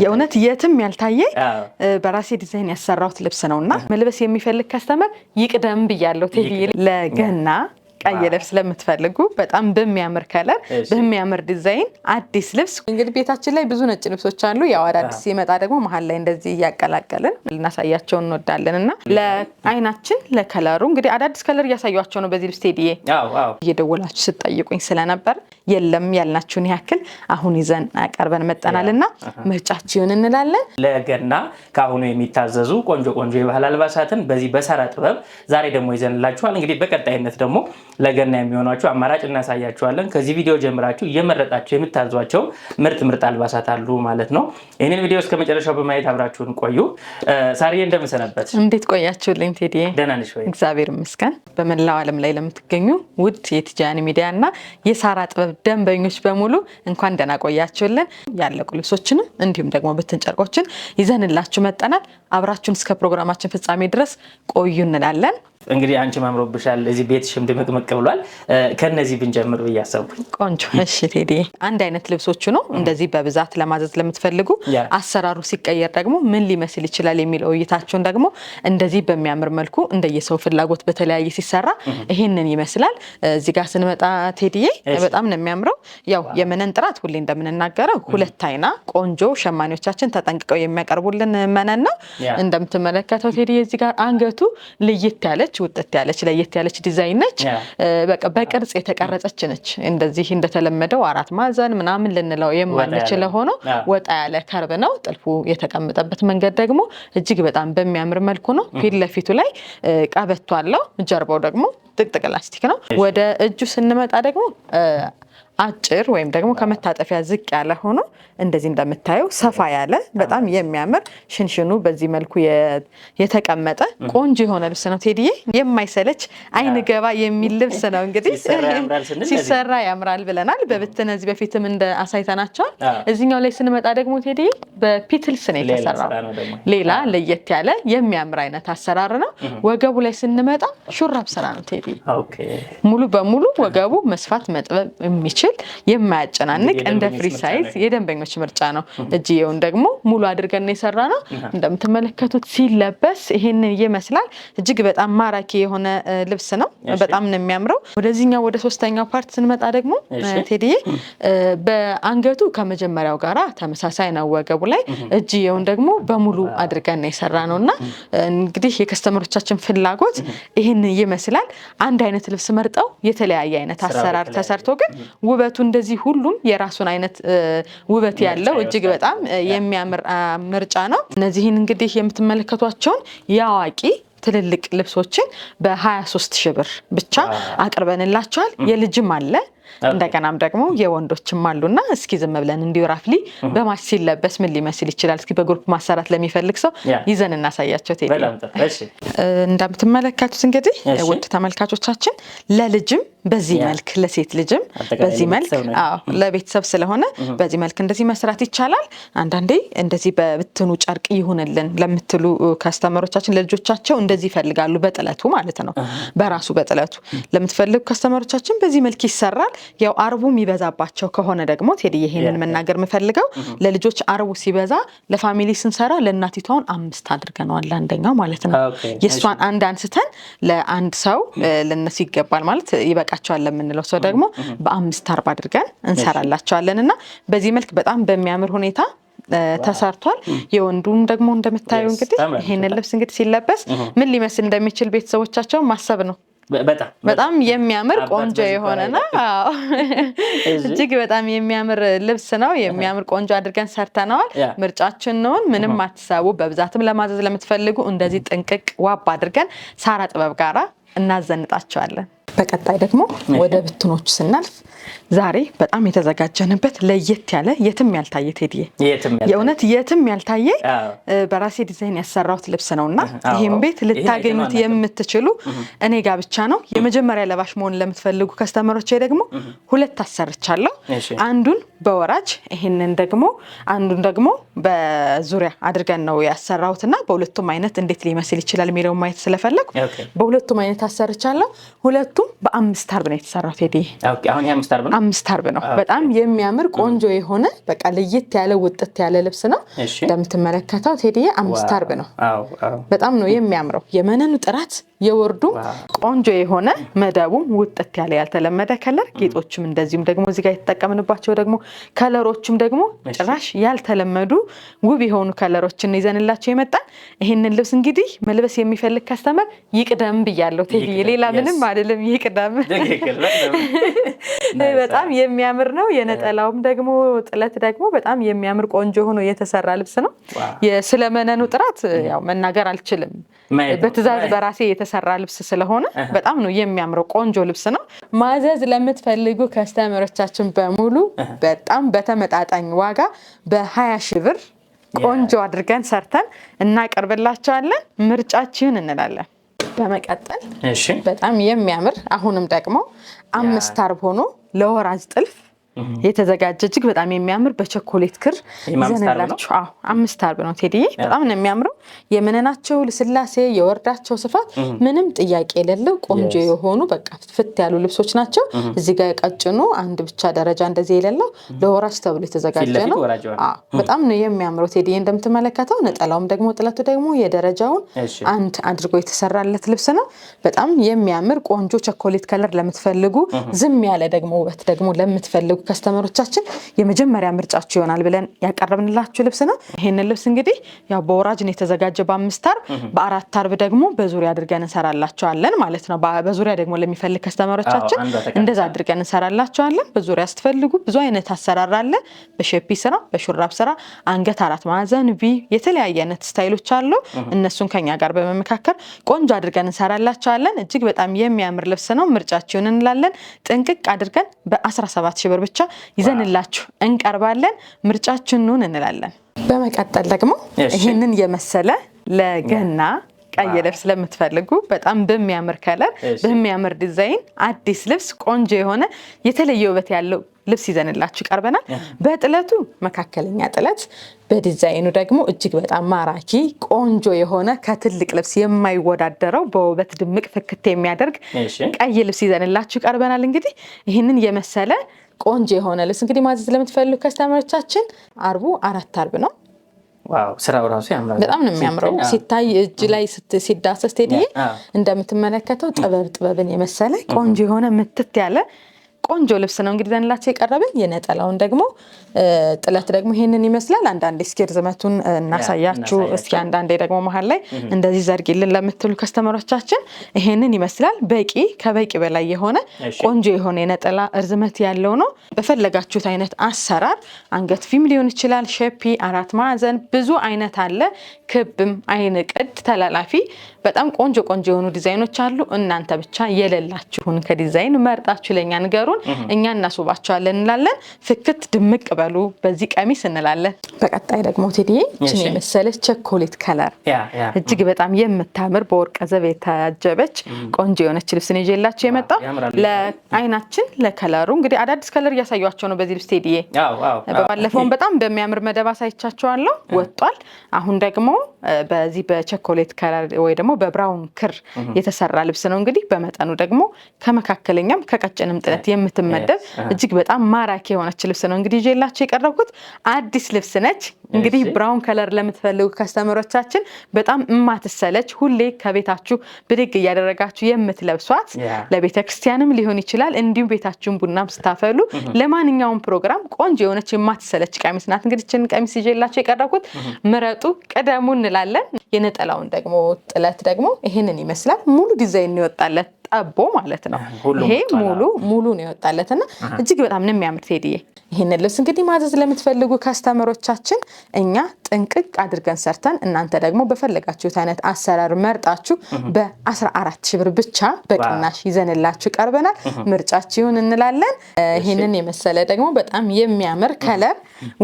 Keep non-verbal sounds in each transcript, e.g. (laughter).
የእውነት የትም ያልታየ በራሴ ዲዛይን ያሰራሁት ልብስ ነው እና መልበስ የሚፈልግ ከስተመር ይቅደም ብያለሁ። ቴዲ ለገና ቀይ ልብስ ለምትፈልጉ በጣም በሚያምር ከለር በሚያምር ዲዛይን አዲስ ልብስ እንግዲህ ቤታችን ላይ ብዙ ነጭ ልብሶች አሉ። ያው አዳዲስ ሲመጣ ደግሞ መሀል ላይ እንደዚህ እያቀላቀልን ልናሳያቸው እንወዳለን እና ለአይናችን ለከለሩ እንግዲህ አዳዲስ ከለር እያሳያቸው ነው። በዚህ ልብስ ቴዲዬ እየደወላችሁ ስትጠይቁኝ ስለነበር የለም ያልናችሁን ያክል አሁን ይዘን አቀርበን መጠናል እና ምርጫችሁን እንላለን። ለገና ከአሁኑ የሚታዘዙ ቆንጆ ቆንጆ የባህል አልባሳትን በዚህ በሰራ ጥበብ ዛሬ ደግሞ ይዘንላችኋል። እንግዲህ በቀጣይነት ደግሞ ለገና የሚሆኗቸው አማራጭ እናሳያቸዋለን። ከዚህ ቪዲዮ ጀምራችሁ እየመረጣችሁ የምታዟቸው ምርጥ ምርጥ አልባሳት አሉ ማለት ነው። ይህንን ቪዲዮ እስከ መጨረሻው በማየት አብራችሁን ቆዩ። ሳሪዬ እንደምሰነበት እንዴት ቆያችሁልኝ? ቴዲ ደህና ነሽ ወይ? እግዚአብሔር ይመስገን። በመላው ዓለም ላይ ለምትገኙ ውድ የቲጃኒ ሚዲያ እና የሳራ ጥበብ ደንበኞች በሙሉ እንኳን ደህና ቆያችሁልን። ያለቁ ልብሶችንም እንዲሁም ደግሞ ብትን ጨርቆችን ይዘንላችሁ መጠናል። አብራችሁን እስከ ፕሮግራማችን ፍጻሜ ድረስ ቆዩ እንላለን። እንግዲህ አንቺ ማምሮብሻል፣ እዚህ ቤትሽም ድምቅምቅ ብሏል። ከነዚህ ብንጀምር ብዬ ቆንጆ። እሺ ቴዲ፣ አንድ አይነት ልብሶቹ ነው እንደዚህ በብዛት ለማዘዝ ለምትፈልጉ፣ አሰራሩ ሲቀየር ደግሞ ምን ሊመስል ይችላል የሚለው እይታችሁን ደግሞ እንደዚህ በሚያምር መልኩ እንደየሰው ፍላጎት በተለያየ ሲሰራ ይህንን ይመስላል። እዚህ ጋር ስንመጣ ቴዲዬ በጣም ነው የሚያምረው። ያው የመነን ጥራት ሁሌ እንደምንናገረው ሁለት አይና ቆንጆ ሸማኔዎቻችን ተጠንቅቀው የሚያቀርቡልን መነን ነው። እንደምትመለከተው ቴዲዬ እዚህ ጋር አንገቱ ልይት ያለች ያለች ውጥት ያለች ለየት ያለች ዲዛይን ነች። በቃ በቅርጽ የተቀረጸች ነች። እንደዚህ እንደተለመደው አራት ማዕዘን ምናምን ልንለው የማንችለው ሆኖ ወጣ ያለ ከርብ ነው። ጥልፉ የተቀመጠበት መንገድ ደግሞ እጅግ በጣም በሚያምር መልኩ ነው። ፊት ለፊቱ ላይ ቀበቶ አለው። ጀርባው ደግሞ ጥቅጥቅ ላስቲክ ነው። ወደ እጁ ስንመጣ ደግሞ አጭር ወይም ደግሞ ከመታጠፊያ ዝቅ ያለ ሆኖ እንደዚህ እንደምታየው ሰፋ ያለ በጣም የሚያምር ሽንሽኑ በዚህ መልኩ የተቀመጠ ቆንጆ የሆነ ልብስ ነው ቴዲዬ። የማይሰለች አይን ገባ የሚል ልብስ ነው። እንግዲህ ሲሰራ ያምራል ብለናል። በብትን እዚህ በፊትም እንደ አሳይተናቸዋል። እዚኛው ላይ ስንመጣ ደግሞ ቴዲዬ በፒትልስ ነው የተሰራው። ሌላ ለየት ያለ የሚያምር አይነት አሰራር ነው። ወገቡ ላይ ስንመጣ ሹራብ ስራ ነው ቴዲዬ። ሙሉ በሙሉ ወገቡ መስፋት መጥበብ የሚችል የሚል የማያጨናንቅ እንደ ፍሪ ሳይዝ የደንበኞች ምርጫ ነው። እጅየውን ደግሞ ሙሉ አድርገን ነው የሰራ ነው። እንደምትመለከቱት ሲለበስ ይሄንን ይመስላል። እጅግ በጣም ማራኪ የሆነ ልብስ ነው። በጣም ነው የሚያምረው። ወደዚህኛው ወደ ሶስተኛው ፓርት ስንመጣ ደግሞ ቴዲዬ በአንገቱ ከመጀመሪያው ጋራ ተመሳሳይ ነው። ወገቡ ላይ እጅየውን ደግሞ በሙሉ አድርገን ነው የሰራ ነው እና እንግዲህ የከስተመሮቻችን ፍላጎት ይህንን ይመስላል። አንድ አይነት ልብስ መርጠው የተለያየ አይነት አሰራር ተሰርቶ ግን ውበቱ እንደዚህ ሁሉም የራሱን አይነት ውበት ያለው እጅግ በጣም የሚያምር ምርጫ ነው። እነዚህን እንግዲህ የምትመለከቷቸውን የአዋቂ ትልልቅ ልብሶችን በ23 ሺህ ብር ብቻ አቅርበንላቸዋል። የልጅም አለ እንደገናም ደግሞ የወንዶችም አሉና እስኪ ዝም ብለን እንዲሁ ራፍሊ በማች ሲለበስ ምን ሊመስል ይችላል፣ እስኪ በግሩፕ ማሰራት ለሚፈልግ ሰው ይዘን እናሳያቸው። ቴ እንደምትመለከቱት እንግዲህ ውድ ተመልካቾቻችን ለልጅም በዚህ መልክ ለሴት ልጅም በዚህ መልክ ለቤተሰብ ስለሆነ በዚህ መልክ እንደዚህ መስራት ይቻላል። አንዳንዴ እንደዚህ በብትኑ ጨርቅ ይሁንልን ለምትሉ ከስተመሮቻችን ለልጆቻቸው እንደዚህ ይፈልጋሉ። በጥለቱ ማለት ነው በራሱ በጥለቱ ለምትፈልጉ ከስተመሮቻችን በዚህ መልክ ይሰራል። ያው አርቡ የሚበዛባቸው ከሆነ ደግሞ ቴዲ ይሄንን መናገር የምፈልገው mm-hmm. ለልጆች አርቡ ሲበዛ ለፋሚሊ ስንሰራ ለእናቲቷን አምስት አድርገነዋል አንደኛው ማለት ነው። የእሷን አንድ አንስተን ለአንድ ሰው mm-hmm. ለነሱ ይገባል ማለት ይበቃቸዋል ለምንለው ሰው ደግሞ mm-hmm. በአምስት አርብ አድርገን እንሰራላቸዋለን እና በዚህ መልክ በጣም በሚያምር ሁኔታ ተሰርቷል። mm. የወንዱም ደግሞ እንደምታዩ እንግዲህ ይህንን ልብስ እንግዲህ ሲለበስ ምን ሊመስል እንደሚችል ቤተሰቦቻቸውን ማሰብ ነው። በጣም የሚያምር ቆንጆ የሆነ እጅግ በጣም የሚያምር ልብስ ነው። የሚያምር ቆንጆ አድርገን ሰርተነዋል። ምርጫችን ነውን። ምንም አትሳቡ። በብዛትም ለማዘዝ ለምትፈልጉ እንደዚህ ጥንቅቅ ዋብ አድርገን ሳራ ጥበብ ጋራ እናዘንጣቸዋለን። በቀጣይ ደግሞ ወደ ብትኖች ስናልፍ ዛሬ በጣም የተዘጋጀንበት ለየት ያለ የትም ያልታየ ቴዲዬ የእውነት የትም ያልታየ በራሴ ዲዛይን ያሰራሁት ልብስ ነው እና ይህም ቤት ልታገኙት የምትችሉ እኔ ጋ ብቻ ነው። የመጀመሪያ ለባሽ መሆን ለምትፈልጉ ከስተመሮቼ ደግሞ ሁለት አሰርቻለሁ። አንዱን በወራጅ ይህንን ደግሞ አንዱን ደግሞ በዙሪያ አድርገን ነው ያሰራሁት እና በሁለቱም አይነት እንዴት ሊመስል ይችላል የሚለው ማየት ስለፈለግ በሁለቱም አይነት አሰርቻለሁ ሁለቱ ምክንያቱም በአምስት አርብ ነው የተሰራው ቴዲ። አርብ ነው። አምስት አርብ ነው። በጣም የሚያምር ቆንጆ የሆነ በቃ ለየት ያለ ውጥት ያለ ልብስ ነው እንደምትመለከተው ቴዲ። አምስት አርብ ነው። በጣም ነው የሚያምረው። የመነኑ ጥራት የወርዱ ቆንጆ የሆነ መደቡም ውጥት ያለ ያልተለመደ ከለር ጌጦችም እንደዚሁም ደግሞ ጋር የተጠቀምንባቸው ደግሞ ከለሮችም ደግሞ ጭራሽ ያልተለመዱ ውብ የሆኑ ከለሮችን ይዘንላቸው የመጣን ይህንን ልብስ እንግዲህ መልበስ የሚፈልግ ከስተመር ይቅደም ብያለሁ ቴዲ። ሌላ ምንም አይደለም። ቅዳም (laughs) በጣም የሚያምር ነው። የነጠላውም ደግሞ ጥለት ደግሞ በጣም የሚያምር ቆንጆ ሆኖ የተሰራ ልብስ ነው። ስለመነኑ ጥራት mm-hmm. ያው መናገር አልችልም። በትዕዛዝ በራሴ የተሰራ ልብስ ስለሆነ uh-huh. በጣም ነው የሚያምረው። ቆንጆ ልብስ ነው። ማዘዝ ለምትፈልጉ ከስተመሮቻችን በሙሉ uh-huh. በጣም በተመጣጣኝ ዋጋ በሀያ ሺህ ብር ቆንጆ አድርገን ሰርተን እናቀርብላቸዋለን። ምርጫችሁን እንላለን። በመቀጠል በጣም የሚያምር አሁንም ደግሞ አምስት አርብ ሆኖ ለወራጅ ጥልፍ የተዘጋጀ እጅግ በጣም የሚያምር በቸኮሌት ክር ይዘንላችሁ። አምስት አርብ ነው ቴዲዬ፣ በጣም ነው የሚያምረው። የምንናቸው ልስላሴ፣ የወርዳቸው ስፋት ምንም ጥያቄ የሌለው ቆንጆ የሆኑ በቃ ፍት ያሉ ልብሶች ናቸው። እዚህ ጋር የቀጭኑ አንድ ብቻ ደረጃ እንደዚህ የሌለው ለወራጅ ተብሎ የተዘጋጀ ነው። በጣም ነው የሚያምረው ቴዲዬ። እንደምትመለከተው ነጠላውም ደግሞ ጥለቱ ደግሞ የደረጃውን አንድ አድርጎ የተሰራለት ልብስ ነው። በጣም የሚያምር ቆንጆ ቸኮሌት ከለር ለምትፈልጉ ዝም ያለ ደግሞ ውበት ደግሞ ለምትፈልጉ ከስተመሮቻችን የመጀመሪያ ምርጫችሁ ይሆናል ብለን ያቀረብንላችሁ ልብስ ነው። ይህንን ልብስ እንግዲህ ያው በወራጅን የተዘጋጀ በአምስት አርብ በአራት አርብ ደግሞ በዙሪያ አድርገን እንሰራላቸዋለን ማለት ነው። በዙሪያ ደግሞ ለሚፈልግ ከስተመሮቻችን እንደዛ አድርገን እንሰራላቸዋለን። በዙሪያ ስትፈልጉ ብዙ አይነት አሰራር አለ። በሸፒ ስራ፣ በሹራብ ስራ፣ አንገት አራት ማዕዘን፣ ቪ የተለያየ አይነት ስታይሎች አሉ። እነሱን ከኛ ጋር በመመካከል ቆንጆ አድርገን እንሰራላቸዋለን። እጅግ በጣም የሚያምር ልብስ ነው። ምርጫችሁን እንላለን። ጥንቅቅ አድርገን በ17 ሺ ብር ብቻ ይዘንላችሁ እንቀርባለን። ምርጫችን ኑን እንላለን። በመቀጠል ደግሞ ይህንን የመሰለ ለገና ቀይ ልብስ ለምትፈልጉ በጣም በሚያምር ከለር በሚያምር ዲዛይን አዲስ ልብስ ቆንጆ የሆነ የተለየ ውበት ያለው ልብስ ይዘንላችሁ ቀርበናል። በጥለቱ መካከለኛ ጥለት፣ በዲዛይኑ ደግሞ እጅግ በጣም ማራኪ ቆንጆ የሆነ ከትልቅ ልብስ የማይወዳደረው በውበት ድምቅ ፍክት የሚያደርግ ቀይ ልብስ ይዘንላችሁ ቀርበናል እንግዲህ ይህንን የመሰለ ቆንጆ የሆነ ልብስ እንግዲህ ማዘዝ ለምትፈልጉ ከስተመሮቻችን አርቡ አራት አርብ ነው። ስራው ራሱ ያምራል። በጣም ነው የሚያምረው። ሲታይ እጅ ላይ ሲዳሰስ ቴዲዬ እንደምትመለከተው ጥበብ ጥበብን የመሰለ ቆንጆ የሆነ ምትት ያለ ቆንጆ ልብስ ነው እንግዲህ ዘንላቸው የቀረብን። የነጠላውን ደግሞ ጥለት ደግሞ ይሄንን ይመስላል። አንዳንዴ እስኪ ርዝመቱን እናሳያችሁ እስኪ አንዳንዴ ደግሞ መሀል ላይ እንደዚህ ዘርግልን ለምትሉ ከስተመሮቻችን ይሄንን ይመስላል። በቂ ከበቂ በላይ የሆነ ቆንጆ የሆነ የነጠላ እርዝመት ያለው ነው። በፈለጋችሁት አይነት አሰራር አንገት ፊም ሊሆን ይችላል፣ ሸፒ፣ አራት ማዕዘን ብዙ አይነት አለ። ክብም፣ አይን ቅድ፣ ተላላፊ በጣም ቆንጆ ቆንጆ የሆኑ ዲዛይኖች አሉ። እናንተ ብቻ የሌላችሁን ከዲዛይን መርጣችሁ ለእኛ ንገሩን፣ እኛ እናስውባቸዋለን እንላለን። ፍክት ድምቅ በሉ በዚህ ቀሚስ እንላለን። በቀጣይ ደግሞ ቴዲዬ ይችን የመሰለች ቸኮሌት ከለር እጅግ በጣም የምታምር በወርቀ ዘብ የታጀበች ቆንጆ የሆነች ልብስ ነው ይዤላችሁ የመጣው ለአይናችን ለከለሩ እንግዲህ አዳዲስ ከለር እያሳዩቸው ነው በዚህ ልብስ ቴዲዬ። በባለፈውን በጣም በሚያምር መደብ አሳይቻቸዋለሁ ወጧል። አሁን ደግሞ በዚህ በቸኮሌት ከለር ወይ ደግሞ ደግሞ በብራውን ክር የተሰራ ልብስ ነው። እንግዲህ በመጠኑ ደግሞ ከመካከለኛም ከቀጭንም ጥለት የምትመደብ እጅግ በጣም ማራኪ የሆነች ልብስ ነው። እንግዲህ ይዤላችሁ የቀረብኩት አዲስ ልብስ ነች። እንግዲህ ብራውን ከለር ለምትፈልጉ ከስተመሮቻችን በጣም እማትሰለች ሁሌ ከቤታችሁ ብድግ እያደረጋችሁ የምትለብሷት ለቤተ ክርስቲያንም ሊሆን ይችላል እንዲሁም ቤታችሁን ቡናም ስታፈሉ ለማንኛውም ፕሮግራም ቆንጆ የሆነች የማትሰለች ቀሚስ ናት። እንግዲህ ችን ቀሚስ ይዤላችሁ የቀረብኩት ምረጡ፣ ቅደሙ እንላለን። የነጠላውን ደግሞ ጥለት ደግሞ ይሄንን ይመስላል። ሙሉ ዲዛይን ይወጣለት ጠቦ ማለት ነው። ይሄ ሙሉ ሙሉ ነው የወጣለት እና እጅግ በጣም ነው የሚያምር ቴዲዬ። ይህንን ልብስ እንግዲህ ማዘዝ ለምትፈልጉ ከስተመሮቻችን እኛ ጥንቅቅ አድርገን ሰርተን እናንተ ደግሞ በፈለጋችሁት አይነት አሰራር መርጣችሁ በ14 ሺ ብር ብቻ በቅናሽ ይዘንላችሁ ቀርበናል። ምርጫችሁን እንላለን። ይህንን የመሰለ ደግሞ በጣም የሚያምር ከለር፣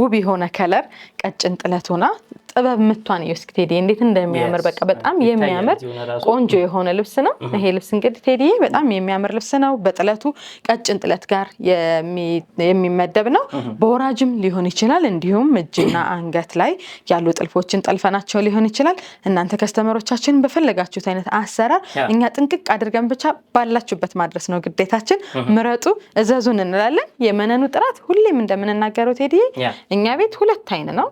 ውብ የሆነ ከለር ቀጭን ጥለት ሆና ጥበብ ምቷን እዩ ቴዲ እንዴት እንደሚያምር በቃ በጣም የሚያምር ቆንጆ የሆነ ልብስ ነው። ይሄ ልብስ እንግዲህ ቴዲ በጣም የሚያምር ልብስ ነው። በጥለቱ ቀጭን ጥለት ጋር የሚመደብ ነው። በወራጅም ሊሆን ይችላል፣ እንዲሁም እጅና አንገት ላይ ያሉ ጥልፎችን ጠልፈናቸው ሊሆን ይችላል። እናንተ ከስተመሮቻችን በፈለጋችሁት አይነት አሰራር እኛ ጥንቅቅ አድርገን ብቻ ባላችሁበት ማድረስ ነው ግዴታችን። ምረጡ፣ እዘዙን እንላለን። የመነኑ ጥራት ሁሌም እንደምንናገረው ቴዲ እኛ ቤት ሁለት አይን ነው።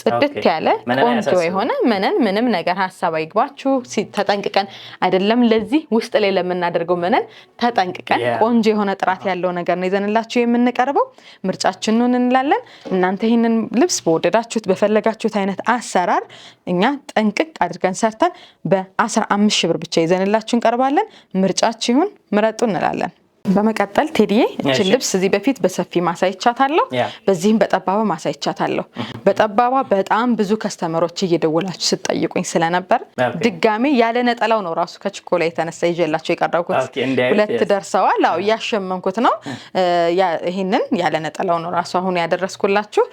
ጽድት ያለ ቆንጆ የሆነ መነን ምንም ነገር ሀሳብ አይግባችሁ። ተጠንቅቀን አይደለም ለዚህ ውስጥ ላይ ለምናደርገው መነን ተጠንቅቀን ቆንጆ የሆነ ጥራት ያለው ነገር ነው ይዘንላችሁ የምንቀርበው። ምርጫችንን እንላለን። እናንተ ይህንን ልብስ በወደዳችሁት በፈለጋችሁት አይነት አሰራር እኛ ጠንቅቅ አድርገን ሰርተን በ15 ሺህ ብር ብቻ ይዘንላችሁ እንቀርባለን። ምርጫችሁን ምረጡ እንላለን። በመቀጠል ቴዲዬ እችን ልብስ እዚህ በፊት በሰፊ ማሳይቻታለሁ፣ በዚህም በጠባባ ማሳይቻታለሁ። በጠባባ በጣም ብዙ ከስተመሮች እየደወላችሁ ስጠይቁኝ ስለነበር ድጋሜ ያለ ነጠላው ነው ራሱ ላይ የተነሳ ይዤላቸው የቀረብኩት። ሁለት ደርሰዋል። አዎ እያሸመንኩት ነው። ይህንን ያለ ነጠላው ነው ራሱ አሁን ያደረስኩላችሁ።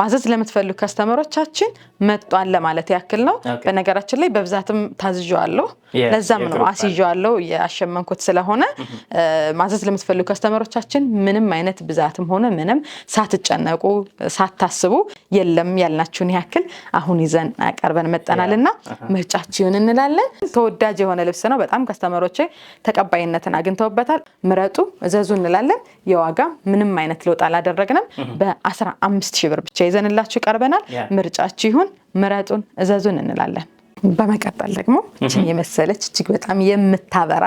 ማዘዝ ለምትፈልጉ ከስተመሮቻችን መጧን ለማለት ያክል ነው። በነገራችን ላይ በብዛትም ታዝዣዋለሁ። ለዛም ነው አስይዤዋለሁ፣ እያሸመንኩት ስለሆነ ማዘዝ ለምትፈልጉ ከስተመሮቻችን ምንም አይነት ብዛትም ሆነ ምንም ሳትጨነቁ ሳታስቡ የለም ያልናችሁን ያክል አሁን ይዘን አቀርበን መጠናል እና ምርጫችሁን እንላለን። ተወዳጅ የሆነ ልብስ ነው። በጣም ከስተመሮች ተቀባይነትን አግኝተውበታል። ምረጡ፣ እዘዙ እንላለን። የዋጋ ምንም አይነት ለውጥ አላደረግንም። በአስራ አምስት ሺህ ብር ብቻ ይዘንላችሁ ቀርበናል። ይሁን። ምረጡን፣ እዘዙን እንላለን። በመቀጠል ደግሞ ይችን የመሰለች እጅግ በጣም የምታበራ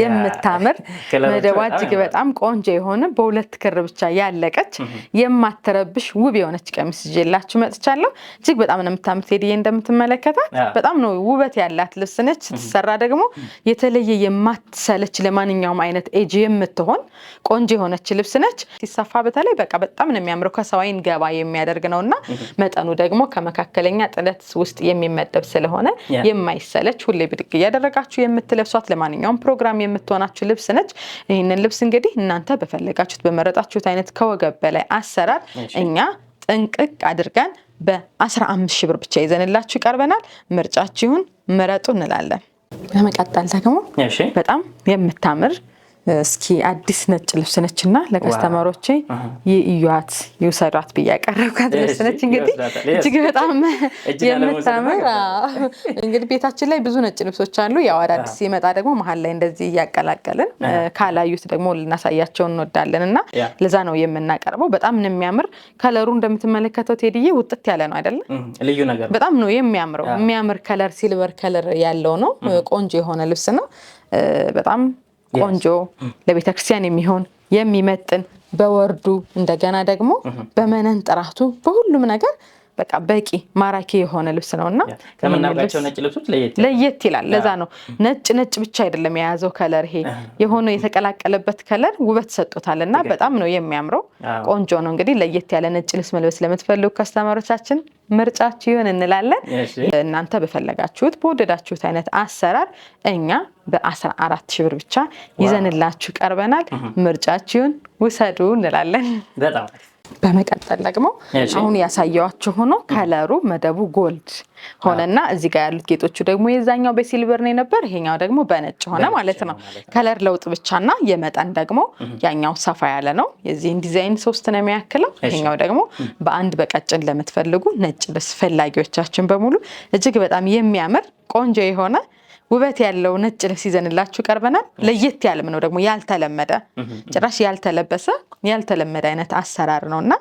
የምታምር (laughs) መደቧ እጅግ በጣም ቆንጆ የሆነ በሁለት ክር ብቻ ያለቀች የማትረብሽ ውብ የሆነች ቀሚስ ይዤላችሁ መጥቻለሁ። እጅግ በጣም ነው የምታምር ቴዲዬ፣ እንደምትመለከታት በጣም ነው ውበት ያላት ልብስ ነች። ስትሰራ ደግሞ የተለየ የማትሰለች ለማንኛውም አይነት ኤጅ የምትሆን ቆንጆ የሆነች ልብስ ነች። ሲሰፋ በተለይ በቃ በጣም ነው የሚያምረው። ከሰው ገባ የሚያደርግ ነው እና መጠኑ ደግሞ ከመካከለኛ ጥለት ውስጥ የሚመደብ ስለሆነ የማይሰለች ሁሌ ብድግ እያደረጋችሁ የምትለብሷት ለማንኛውም ፕሮግራም ለፕሮግራም የምትሆናችሁ ልብስ ነች። ይህንን ልብስ እንግዲህ እናንተ በፈለጋችሁት በመረጣችሁት አይነት ከወገብ በላይ አሰራር እኛ ጥንቅቅ አድርገን በ15 ሺህ ብር ብቻ ይዘንላችሁ ይቀርበናል። ምርጫችሁን ምረጡ እንላለን። ለመቀጠል ደግሞ በጣም የምታምር እስኪ አዲስ ነጭ ልብስ ነች እና ለከስተመሮቼ ይዩዋት ይውሰዷት ብዬ ያቀረብኳት ልብስ ነች። እንግዲህ እጅግ በጣም የምታምር እንግዲህ ቤታችን ላይ ብዙ ነጭ ልብሶች አሉ። ያው አዳዲስ ሲመጣ ደግሞ መሀል ላይ እንደዚህ እያቀላቀልን ካላዩት ደግሞ ልናሳያቸው እንወዳለን እና ለዛ ነው የምናቀርበው። በጣም ነው የሚያምር ከለሩ እንደምትመለከተው ቴድዬ ውጥት ያለ ነው አይደለ? ልዩ ነገር በጣም ነው የሚያምረው። የሚያምር ከለር ሲልቨር ከለር ያለው ነው። ቆንጆ የሆነ ልብስ ነው በጣም ቆንጆ ለቤተ ክርስቲያን የሚሆን የሚመጥን በወርዱ እንደገና ደግሞ በመነን ጥራቱ በሁሉም ነገር በቃ በቂ ማራኪ የሆነ ልብስ ነው እና ከምናውቃቸው ነጭ ልብሶች ለየት ይላል። ለዛ ነው ነጭ ነጭ ብቻ አይደለም የያዘው ከለር፣ ይሄ የሆነ የተቀላቀለበት ከለር ውበት ሰጦታል እና በጣም ነው የሚያምረው። ቆንጆ ነው። እንግዲህ ለየት ያለ ነጭ ልብስ መልበስ ለምትፈልጉ ከስተመሮቻችን ምርጫችሁ ይሁን እንላለን። እናንተ በፈለጋችሁት በወደዳችሁት አይነት አሰራር እኛ በአስራ አራት ሺህ ብር ብቻ ይዘንላችሁ ቀርበናል። ምርጫችሁን ውሰዱ እንላለን። በመቀጠል ደግሞ አሁን ያሳየዋቸው ሆኖ ከለሩ መደቡ ጎልድ ሆነና እዚህ ጋር ያሉት ጌጦቹ ደግሞ የዛኛው በሲልቨር ነው የነበር፣ ይሄኛው ደግሞ በነጭ ሆነ ማለት ነው። ከለር ለውጥ ብቻና የመጠን ደግሞ ያኛው ሰፋ ያለ ነው። የዚህን ዲዛይን ሶስት ነው የሚያክለው። ይሄኛው ደግሞ በአንድ በቀጭን ለምትፈልጉ ነጭ ልብስ ፈላጊዎቻችን በሙሉ እጅግ በጣም የሚያምር ቆንጆ የሆነ ውበት ያለው ነጭ ልብስ ይዘንላችሁ ቀርበናል። ለየት ያለም ነው ደግሞ ያልተለመደ ጭራሽ ያልተለበሰ ያልተለመደ አይነት አሰራር ነው እና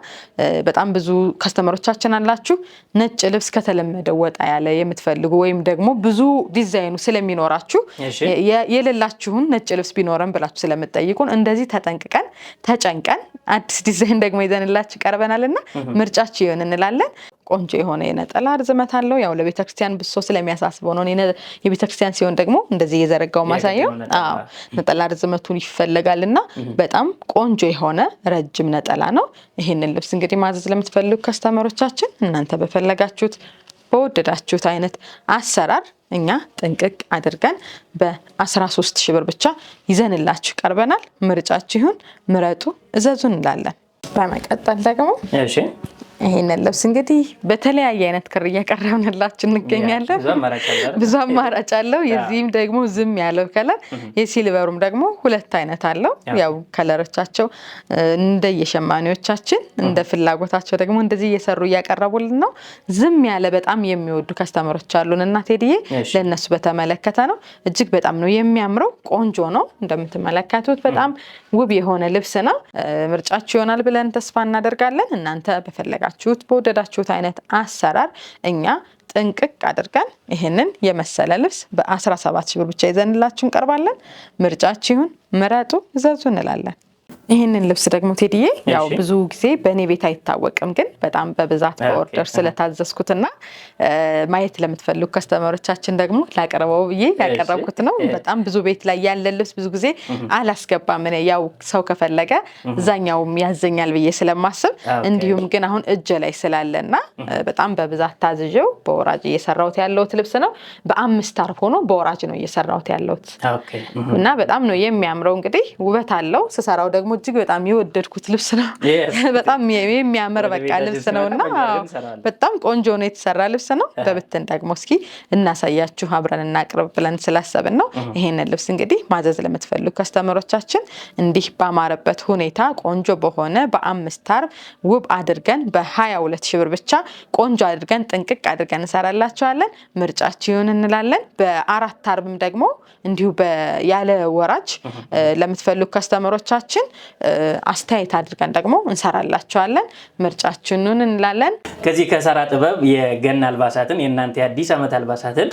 በጣም ብዙ ከስተመሮቻችን አላችሁ ነጭ ልብስ ከተለመደ ወጣ ያለ የምትፈልጉ ወይም ደግሞ ብዙ ዲዛይኑ ስለሚኖራችሁ የሌላችሁን ነጭ ልብስ ቢኖረን ብላችሁ ስለምጠይቁን እንደዚህ ተጠንቅቀን ተጨንቀን አዲስ ዲዛይን ደግሞ ይዘንላችሁ ቀርበናል እና ምርጫችሁ ይሆን እንላለን። ቆንጆ የሆነ የነጠላ ርዝመት አለው። ያው ለቤተክርስቲያን ብሶ ስለሚያሳስበው ነው። የቤተክርስቲያን ሲሆን ደግሞ እንደዚህ የዘረጋው ማሳየው ነጠላ ርዝመቱን ይፈለጋል እና በጣም ቆንጆ የሆነ ረጅም ነጠላ ነው። ይህንን ልብስ እንግዲህ ማዘዝ ለምትፈልጉ ከስተመሮቻችን እናንተ በፈለጋችሁት በወደዳችሁት አይነት አሰራር እኛ ጥንቅቅ አድርገን በ13 ሺ ብር ብቻ ይዘንላችሁ ቀርበናል። ምርጫችሁ ምረጡ፣ እዘዙ እንላለን። በመቀጠል ደግሞ ይሄንን ልብስ እንግዲህ በተለያየ አይነት ክር እያቀረብንላችሁ እንገኛለን። ብዙ አማራጭ አለው። የዚህም ደግሞ ዝም ያለው ከለር፣ የሲልቨሩም ደግሞ ሁለት አይነት አለው። ያው ከለሮቻቸው እንደ የሸማኔዎቻችን እንደ ፍላጎታቸው ደግሞ እንደዚህ እየሰሩ እያቀረቡልን ነው። ዝም ያለ በጣም የሚወዱ ከስተመሮች አሉን እና ቴዲዬ ለእነሱ በተመለከተ ነው። እጅግ በጣም ነው የሚያምረው። ቆንጆ ነው እንደምትመለከቱት፣ በጣም ውብ የሆነ ልብስ ነው። ምርጫችሁ ይሆናል ብለን ተስፋ እናደርጋለን። እናንተ በፈለጋ ባደረጋችሁት በወደዳችሁት አይነት አሰራር እኛ ጥንቅቅ አድርገን ይህንን የመሰለ ልብስ በ17 ሺ ብር ብቻ ይዘንላችሁ እንቀርባለን። ምርጫችሁን ምረጡ፣ እዘዙ እንላለን። ይህንን ልብስ ደግሞ ቴዲዬ ያው ብዙ ጊዜ በእኔ ቤት አይታወቅም፣ ግን በጣም በብዛት በኦርደር ስለታዘዝኩትና ማየት ለምትፈልጉ ከስተመሮቻችን ደግሞ ላቀረበው ብዬ ያቀረብኩት ነው። በጣም ብዙ ቤት ላይ ያለ ልብስ ብዙ ጊዜ አላስገባም። እኔ ያው ሰው ከፈለገ እዛኛውም ያዘኛል ብዬ ስለማስብ፣ እንዲሁም ግን አሁን እጀ ላይ ስላለና በጣም በብዛት ታዝዤው በወራጅ እየሰራሁት ያለሁት ልብስ ነው። በአምስት አርፍ ሆኖ በወራጅ ነው እየሰራሁት ያለሁት እና በጣም ነው የሚያምረው። እንግዲህ ውበት አለው ስሰራው ደግሞ እጅግ በጣም የወደድኩት ልብስ ነው። (laughs) በጣም የሚያምር በቃ ልብስ ነው እና በጣም ቆንጆ ነው የተሰራ ልብስ ነው። በብትን ደግሞ እስኪ እናሳያችሁ አብረን እናቅርብ ብለን ስላሰብን ነው። ይሄንን ልብስ እንግዲህ ማዘዝ ለምትፈልጉ ከስተመሮቻችን እንዲህ ባማረበት ሁኔታ ቆንጆ በሆነ በአምስት አርብ ውብ አድርገን በሀያ ሁለት ሺህ ብር ብቻ ቆንጆ አድርገን ጥንቅቅ አድርገን እንሰራላቸዋለን። ምርጫችሁን እንላለን። በአራት አርብም ደግሞ እንዲሁ ያለ ወራጅ ለምትፈልጉ ከስተመሮቻችን አስተያየት አድርገን ደግሞ እንሰራላቸዋለን ምርጫችንን እንላለን። ከዚህ ከሰራ ጥበብ የገና አልባሳትን የእናንተ የአዲስ ዓመት አልባሳትን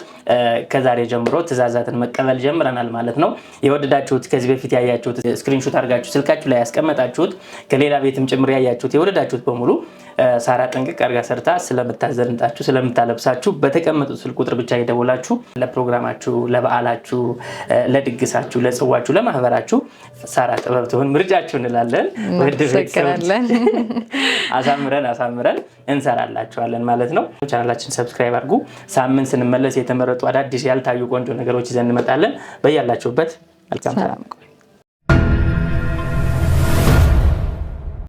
ከዛሬ ጀምሮ ትእዛዛትን መቀበል ጀምረናል ማለት ነው። የወደዳችሁት ከዚህ በፊት ያያችሁት ስክሪንሾት አድርጋችሁ ስልካችሁ ላይ ያስቀመጣችሁት ከሌላ ቤትም ጭምር ያያችሁት የወደዳችሁት በሙሉ ሳራ ጠንቅቅ አርጋ ሰርታ ስለምታዘንጣችሁ ስለምታለብሳችሁ በተቀመጡት ስልክ ቁጥር ብቻ የደወላችሁ ለፕሮግራማችሁ፣ ለበዓላችሁ፣ ለድግሳችሁ፣ ለጽዋችሁ፣ ለማህበራችሁ ሳራ ጥበብ ትሆን ምርጫችሁ እንላለን። ውድ (laughs) አሳምረን አሳምረን እንሰራላችኋለን ማለት ነው። ቻናላችን ሰብስክራይብ አድርጉ። ሳምንት ስንመለስ የተመረጡ አዳዲስ ያልታዩ ቆንጆ ነገሮች ይዘን እንመጣለን። በያላችሁበት መልካም ሰላም